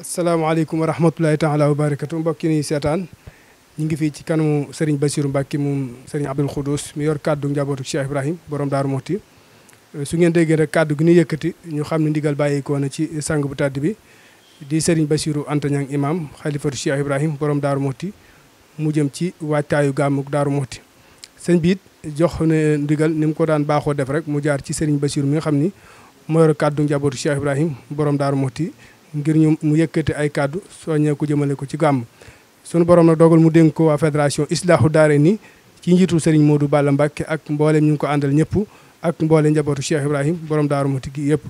asalaamaaleykum wa rahmatulahi taala wa barakatu mbokk yi seetaan ñu ngi fii ci kanamu Serigne Bassirou Mbacke moom Serigne Abdoul Khoudous mi yor kàddu njabootu Cheikh Ibrahim boroom Daaru Muxti euh, su ngeen déggee rek kàddu gi ñu yëkkati ñu xam ne ndigal bàyyeekoo na ci sang bu tàdd bi di Serigne Bassirou Anta Niang imam xalifatu Cheikh borom Daaru Muxti mu jëm ci waajtaayu gàmmu Daaru Muxti sëñ biit jox ne ndigal ni mu ko daan baaxoo def rek mu jaar ci Serigne Bassirou mi nga xam ni moo yor kàddu njabootu Cheikh Ibrahim boroom Daaru Muxti ngir ñu mu yëkkati ay kàddu soññee ko jëmale ko ci gàmm sunu boroom nag dogal mu dénk ko waa fédération Islaahu Daare nii ci njiitu Serigne Modou Balla Mbacke ak mboolem ñu ngi ko àndal ñëpp ak mboole njabootu Cheikh Ibrahim borom daaru Muxti gi yëpp.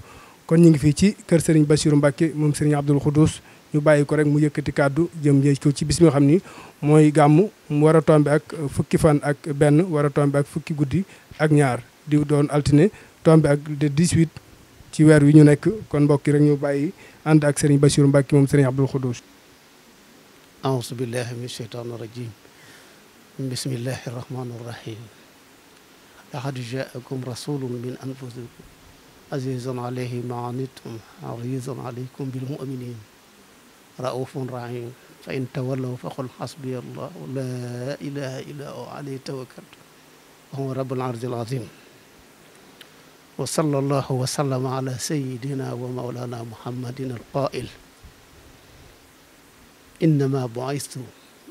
kon ñu ngi fii ci kër Serigne Bassirou Mbacke moom Serigne Abdoul Khoudous ñu bàyyi ko rek mu yëkkati kàddu jëm ko ci bis bi xam ni mooy gàmmu mu war a tombe ak fukki fan ak benn war a tombe ak fukki guddi ak ñaar di doon altine tombe ak de 18. ci weer wi ñu nekk kon mbokk yi rek ñu bàyyi ànd ak sëriñ Bachir Mbacke moom sëriñ Abdul Xuduus aousu billahi min sheytaan rajim bismillahi rahmani rahim laqad jaakum rasulun min anfusikum azizun alayhi ma anittum harisun alaykum bil muminin raufun rahim fa in tawallaw faqul xasbiya allah la ilaha illa hu alayhi tawakkaltu wa huwa rabbul arshil azim wa sallallahu wa sallama ala sayidina wa maulana muhammadin alqail innama buistu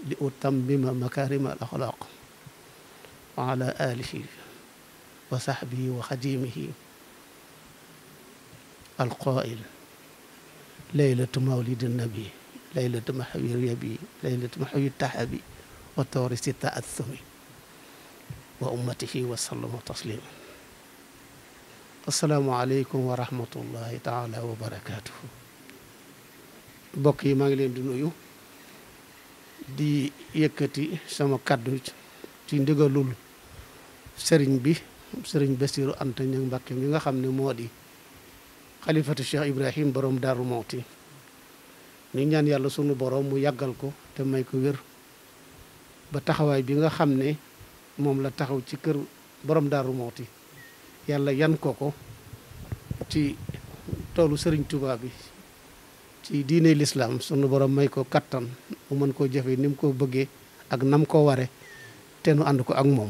li utammima makarima al axlaq wa ala alihi wa sahbihi wa xadimihi alqail laylatu mawlidi nabi laylatu maxawi riyabi laylatu maxawi taxabi wa toori si taassumi wa ummatihi wa sallama taslima asalaamualeykum wa rahmatullahi taala wa barakaatuhu mbokk yi maa ngi leen di nuyu di yëkkati sama kàddu ci ndigalul sëriñ bi sëriñ Basiru Anta Ñaŋ Mbàkke mi nga xam ne moo di xalifatu Cheikh Ibrahim Daaru Mawti ñu ñaan yàlla sunu borom mu yàggal ko te may ba taxawaay bi nga xam ne moom la taxaw ci kër boroom Daaru Mawti yàlla yan ko ko ci toolu sëriñ tubaab bi ci diine lislaam sunu borom may ko kattan mu mën koo jëfe ni mu ko bëggee ak nam ko waree te nu ànd ko ak moom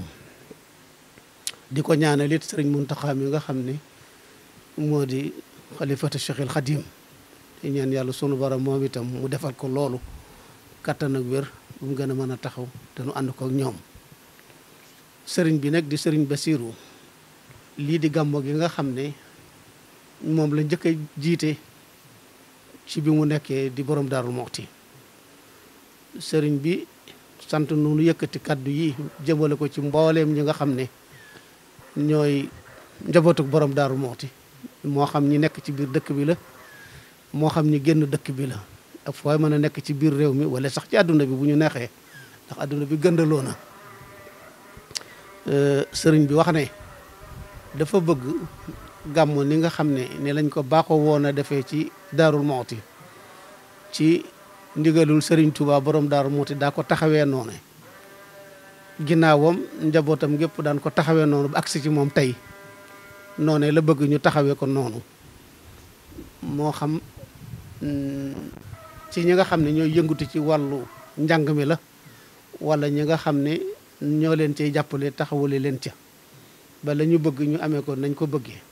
di ko ñaanal it sëriñ Muntaxa yi nga xam ni moo di xalifatu Cheikhul Xadim di yàlla sunu borom moom itam mu defal ko loolu kattan ak wér mu gën a mën a taxaw te nu ànd ko ak ñoom sëriñ bi nag di sëriñ Basiru lii di gàmmo gi nga xam ne moom la njëkk jiite ci bi mu nekkee di borom daarul moxti sëriñ bi sant nunu yëkkati kàddu yi jëmale ko ci mbooleem ñi nga xam ne ñooy njabootuk boroom daaru moxti moo xam ñi nekk ci biir dëkk bi la moo xam ñi génn dëkk bi la ak fooy mën a nekk ci biir réew mi wala sax ci àdduna bi bu ñu neexee ndax àdduna bi gëndaloo na sëriñ bi wax ne dafa bëgg gàmmu ni nga xam ne ne lañ ko baaxoo woon a defee ci daarul yi ci ndigalul Serigne Touba borom daarul mooti daa ko taxawee noonu ginnaawam njabootam gépp daan ko taxawee noonu ba agsi ci moom tey noonu la bëgg ñu taxawee ko noonu moo xam mm, ci ñi nga xam ne ñooy yëngatu ci wàllu njàng mi la wala ñi nga xam ne ñoo leen cay jàppale taxawale leen ca ba la bëgg ñu amee ko nañ ko bëggee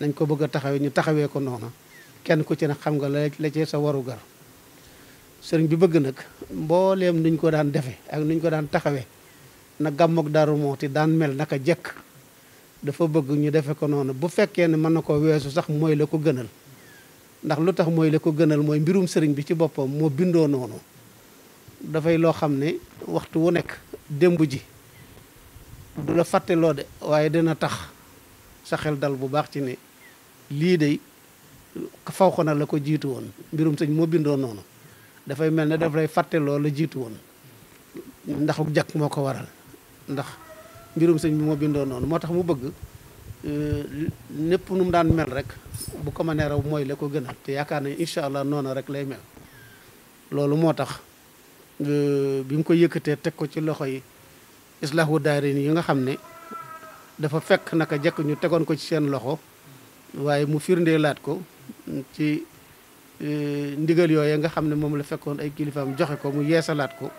nañ ko bëgg a taxawee ñu taxawee ko noona kenn ku ci ne xam nga la la ci sa waru gar sëriñ bi bëgg nag mbooleem nuñ ko daan defe ak nuñ ko daan taxawee na gàmmoog Daaru Muxti daan mel naka jekk dafa bëgg ñu defe ko noonu bu fekkee ne mën na ko weesu sax mooy la ko gënal ndax lu tax mooy la ko gënal mooy mbirum sëriñ bi ci boppam moo bindoo noonu dafay loo xam ne waxtu wu nekk démb ji du la fàtteloo de waaye dina tax sa xel dal bu baax ci ne lii de faw ko na la ko jiitu woon mbirum sëñ moo bindoo noonu dafay mel ne daf lay fàtte loolu la jiitu woon ndax jàkk moo ko waral ndax mbirum sëñ bi moo bindoo noonu moo tax mu bëgg népp euh, nu mu daan mel rek bu ko mënee raw mooy la ko gënal te yaakaar nañ incha allah noonu rek lay mel loolu moo tax euh, bi mu ko yëkkatee teg ko ci loxo yi islahu daarin yi nga xam ne dafa fekk naka jekk ñu tegoon ko ci seen loxo waaye mu laat ko ci e, ndigal yooya nga xam ne moom la fekkoon ay kilifaam joxe ko mu yeesalaat ko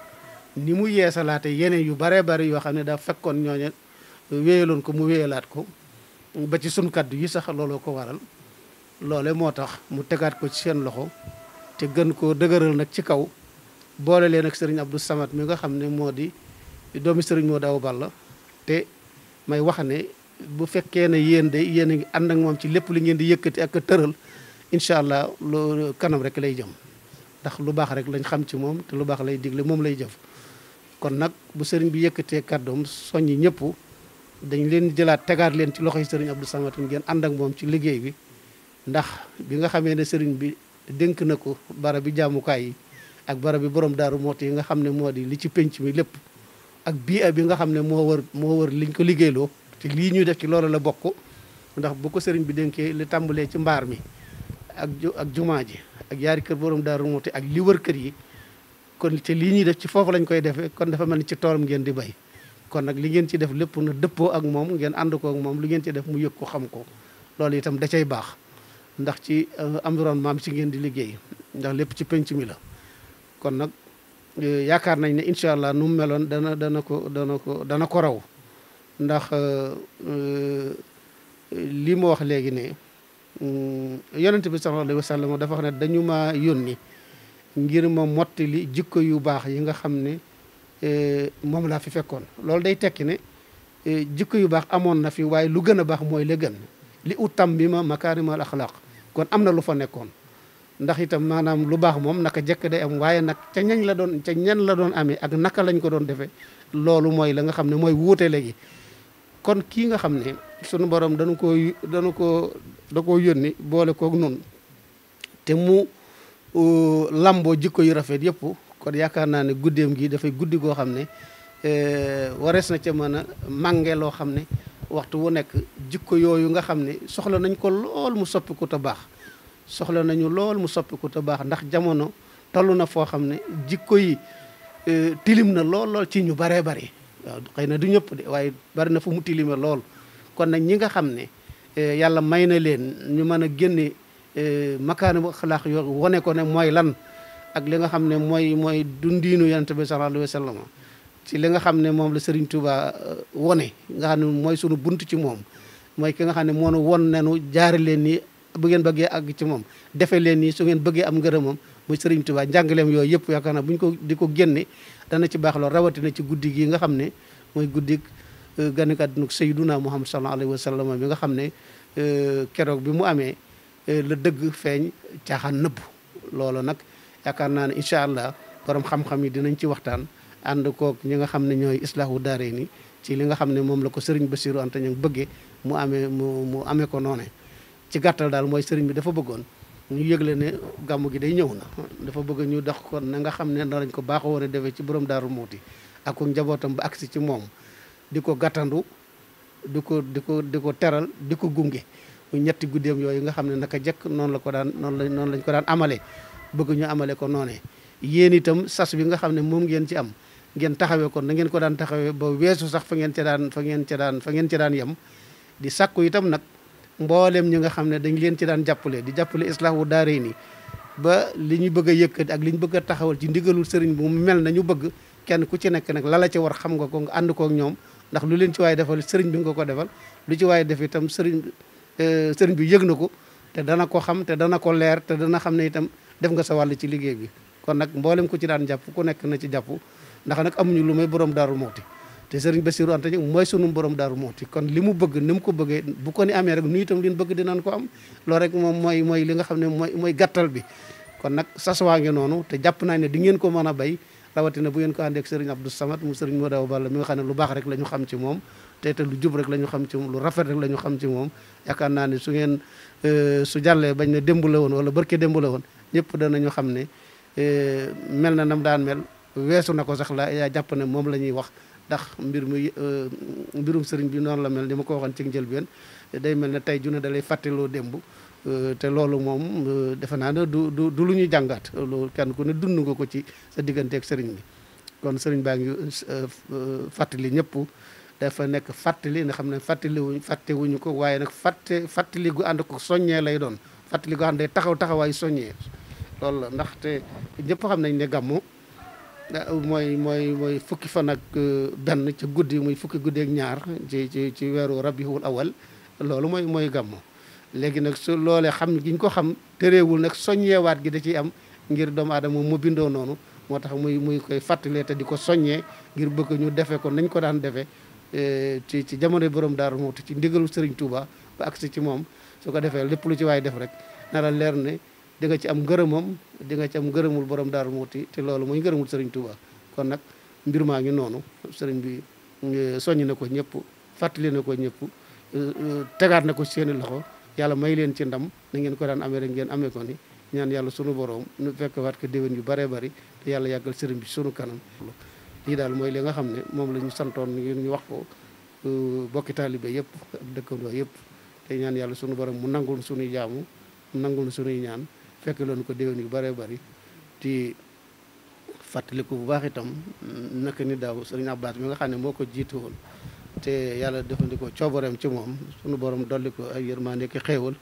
ni mu yeesalaate yeneen yu baree bari yoo xam ne daa fekkoon ñooña wéyaloon ko mu wéyalaat ko ba ci sunu kàddu yi sax looloo ko waral loole moo tax mu tegaat ko ci seen loxo te gën ko dëgëral nag ci kaw boole leen ak sëriñ Abdou Samad mi nga xam ne moo di doomi sëriñ moo daaw balla te may wax ne bu fekkee ne yéen de yéen a ngi ànd ak moom ci lépp li ngeen di yëkkati ak tëral incha allah lu kanam rek lay jëm ndax lu baax rek lañ xam ci moom te lu baax lay digle moom lay jëf kon nag bu sëriñ bi yëkkatee kàddoom soññi ñëpp dañ leen jëlaat tegaat leen ci loxo yi sëriñ Abdou Samad ngeen ànd ak moom ci liggéey bi ndax bi nga xamee ne sëriñ bi dénk na ko barab bi jaamukaay yi ak barab bi borom daaru moot yi nga xam ne moo di li ci penc mi lépp ak bii a bi nga xam ne moo war moo war liñ ko liggéeyloo ci lii ñuy def ci loolu la bokk ndax bu ko sëriñ bi dénkee li tàmbalee ci mbaar mi ak ak jumaa ji ak yaari kër borom Daaru Muxti ak li wër kër yi kon ci lii ñuy def ci foofu lañ koy defee kon dafa mel ni ci toolam ngeen di bay kon nag li ci def lépp na dëppoo ak moom ngeen ànd ko moom lu ngeen ci def mu yëg ko xam ko loolu itam da cay baax ndax ci euh, environnement bi ci ngeen di liggéey ndax lépp ci penc mi la kon nag Eh, yaakaar nañ ne incha allah nu mu meloon dana dana ko dana ko dana ko raw ndax eh, eh, lii mu wax léegi ne mm, yonent bi sallallahu alayhi wa sallam dafa wax ne dañu ma yónni ngir ma mottali jikko yu baax yi nga xam ne moom laa fi fekkoon loolu day tekki ne jikko yu baax amoon na fi waaye lu gën a baax mooy la gën li utam bi ma ma makaarimal axlaaq kon am na lu fa nekkoon ndax itam maanaam lu baax moom naka jëkk day am waaye nag ca ñañ la doon ca ñan la doon amee ak naka lañ ko doon defee loolu mooy la nga xam ne mooy wuute léegi kon kii nga xam ne sunu borom dañu ko dañu ko da koo yónni boole koog noonu te mu lamboo jikko yu rafet yëpp kon yaakaar naa ne guddeem gi dafay guddi goo xam ne e, warees na ca mën a mànge loo xam ne waxtu wu nekk jikko yooyu nga xam ne soxla nañ ko lool mu soppi ko te baax soxla nañu lool mu soppiku te baax ndax jamono toll na foo xam ne jikko yi e, tilim na lool lool ci ñu baree bari waaw xëy na du ñëpp de waaye bari na fu mu tilime lool kon nag ñi nga xam ne e, yàlla may na leen ñu mën a génne e, makaani bu xalaax yooyu wane ko ne mooy lan ak li nga xam ne mooy mooy dundiinu yonent bi sallallahu alayhi wa sallam ci li nga xam ne moom la Serigne Touba wone nga xam ne mooy sunu bunt ci moom mooy ki nga xam ne moonu won nenu jaari bu ngeen bëggee àgg ci moom defee leen nii su ngeen bëggee am ngërëm moom muy Serigne Touba njàngaleem yooyu yëpp yaakaar naa bu ñu ko di ko génne dana ci baax lool rawatina ci guddi gi nga xam ne mooy guddi euh, ganikat nag Sayyiduna Muhammad sallallahu alayhi wa sallam bi nga xam ne euh, keroog bi mu amee euh, la dëgg feeñ caaxaan nëbb loolu nag yaakaar naa ne incha allah borom xam yi dinañ ci waxtaan ànd kook ñi nga xam ne ñooy islahu daare ni ci li nga xam ne moom la ko Serigne Bassirou Anta ñu bëggee mu amee mu mu amee ko noone ci gàttal daal mooy sëriñ bi dafa bëggoon ñu yëgle ne gàmmu gi day ñëw na dafa bëgg ñu dox kon na nga xam ne na lañ ko baaxoo war a defee ci borom daaru muuti ak njabootam ba agsi ci moom di ko gàttandu di ko di ko di ko teral di ko gunge mu ñetti guddeem yooyu nga xam ne naka jekk noonu la ko daan noonu la noonu lañ ko daan amalee bëgg ñu amale ko noonee yen itam sas bi nga xam ne moom ngeen ci am ngeen taxawee kon na ngeen ko daan taxawee ba weesu sax fa ngeen ca daan fa ngeen ca daan fa daan yem di sàkku itam nag mboolem ñi nga xam ne dañ leen ci daan jàppale di jàppale islaahu daaree nii ba li ñu bëgg a yëkkati ak li ñu bëgg a taxawal ci ndigalul sëriñ bu mu mel na ñu bëgg kenn ku ci nekk nag la la ci war xam nga ko nga ànd kook ñoom ndax lu leen ci waaye defal sëriñ bi nga ko defal lu ci waaye def itam sëriñ eh, sëriñ bi yëg na ko te dana ko xam te dana ko leer te dana xam ne itam def nga sa wàll ci liggéey bi kon nag mboolem ku ci daan jàpp ku nekk na ci jàpp ndax nag amuñu lu may borom daaru mooti te ba Bassirou Anta Diop mooy sunu borom Daaru Muxti kon li mu bëgg ni mu ko bëggee bu ko ni amee rek nu itam li ñu bëgg dinañ ko am loolu rek moom mooy mooy li nga xam ne mooy mooy gàttal bi kon nag saswaa ngi noonu te jàpp naa ne di ngeen ko mën a bay rawatina bu ngeen ko àndee ak sëriñ Abdou Samad mu sëriñ Modaw Balla mi nga xam ne lu baax rek la ñu xam ci moom te te lu jub rek la ñu xam ci moom lu rafet rek la ñu xam ci moom yaakaar naa su ngeen euh, su jàllee bañ ne démb la woon wala barke démb la woon ñëpp danañu xam ne euh, mel na nam daan mel weesu na ko sax la yaa jàpp ne moom la ñuy wax ndax mbir mu euh, mbirum sëriñ bi noonu la mel ni ma ko waxoon ci njëlbeen day mel ne tey june da lay fàttaloo démb euh, te loolu moom euh, defe naa ne du du lu ñuy jàngaat loolu kenn ku ne dund nga ko ci sa digganteeg sëriñ bi kon sëriñ baa ngi fàttali ñëpp dafa nekk fàttali nga xam ne fàttali wuñ fàtte wuñu ko waaye nag fàtte fàttali gu ànd ko soññee lay doon fàttali gu ànd day taxaw taxawaayu soññee loolu la ndaxte ñëpp xam nañ ne gàmmu Eh, mooy mooy mooy fukki fan ak eh, benn ci guddi muy fukki guddi ak ñaar ci ci ci weeru rabiul awal loolu mooy mooy gàmmu léegi nag su loolee xam gi ñu ko xam tëréewul nag soññeewaat gi da ciy am ngir doomu moom mu bindoo noonu moo tax muy muy koy fàttalee te di ko soññee ngir bëgg ñu defee ko nañ ko daan defee eh, ci ci jamono borom Daaru Muxti ci ndigalu Sëriñ Tuuba ba agsi ci moom su ko defee lépp lu ci waay def rek nara leer ne di nga ci am ngërëmam di nga ci am ngërëmul borom daaru muuti te loolu mooy ngërëmul sëriñ Touba kon nag mbir maa ngi noonu sëriñ bi eh, soññ na ko ñëpp fàttali na ko ñëpp eh, eh, tegaat na ko seeni loxo yàlla may leen ci ndam na ngeen ko daan amee rek ngeen amee ni ñaan yàlla sunu borom nu fekk waat ko déwén yu baree bari te yàlla yàggal sëriñ bi sunu kanam lii daal mooy li nga xam ne moom la ñu santoon ngir ñu wax ko bokki taalibe yëpp ak dëkkandoo yëpp te ñaan yàlla sunu borom mu nangul sunuy jaamu mu nangul sunuy ñaan fekk loonu ko déwén yu bëree bari ti fàttaliku bu baax itam naka ni daaw sëriñ Ablaat mi nga xam ne moo ko jiitu woon te yàlla defandikoo coobareem ci moom sunu borom dolli ko ay yërmande ki xéewal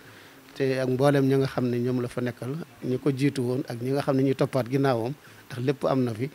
te ak mbooleem ñi nga xam ne ñoom la fa nekkal ñu ko jiitu woon ak ñi nga xam ne ñuy toppaat ginnaawam ndax lépp am na fi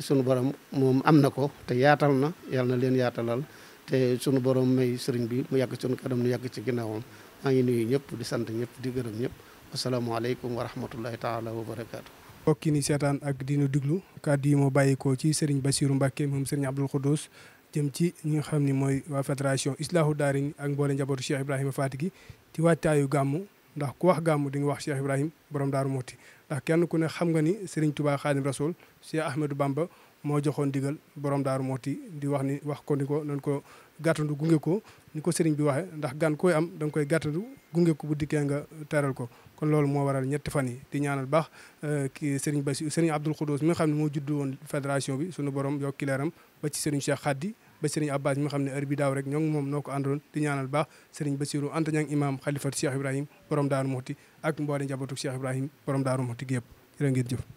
sunu borom moom am na ko te yaatal na yàlla na leen yaatalal te sunu borom may sëriñ bi mu yàgg sunu karam nu yàgg ci ginnaawam maa ngi nuyu ñëpp di sant ñëpp di gërëm ñëpp asalaamaaleykum wa rahmatullahi taala wa barakaatu. mbokk yi ni seetaan ak dina diglu kàddu yi moo bàyyikoo ci Serigne Bassirou Mbacke moom Serigne Abdoul Khoudous jëm ci ñi nga xam ni mooy waa fédération Islahu Daariñ ak mboole njabootu Cheikh Ibrahima Fatick ci wàccaayu gàmmu ndax ku wax gàmmu di nga wax Cheikh Ibrahima borom daaru Moti ndax kenn ku ne xam nga ni Serigne Touba Khadim Rasoul Cheikh Ahmadou Bamba moo joxoon digal borom daaru Moti di wax ni wax ko ni ko nañ ko gàttandu gunge ko ni ko sëriñ bi waxee ndax gan koy am da nga koy gàttadu gunge ko bu dikkee nga teral ko kon loolu moo waral ñetti fan yi di ñaanal baax euh, kii sëriñ Bassi sëriñ Abdoul Khoudous mi nga xam ne moo juddu woon fédération bi sunu borom yokk leeram ba ci sëriñ Cheikh Khadi ba sëriñ Abbas mi xam ne heure bi daaw rek ñoo moom noo ko àndoon di ñaanal baax sëriñ Bassirou Anta Niang imam xalifatu Cheikh Ibrahim borom Daaru Muxti ak mboole njabootu Cheikh Ibrahim borom Daaru Muxti gi yëpp jërë ngeen jëf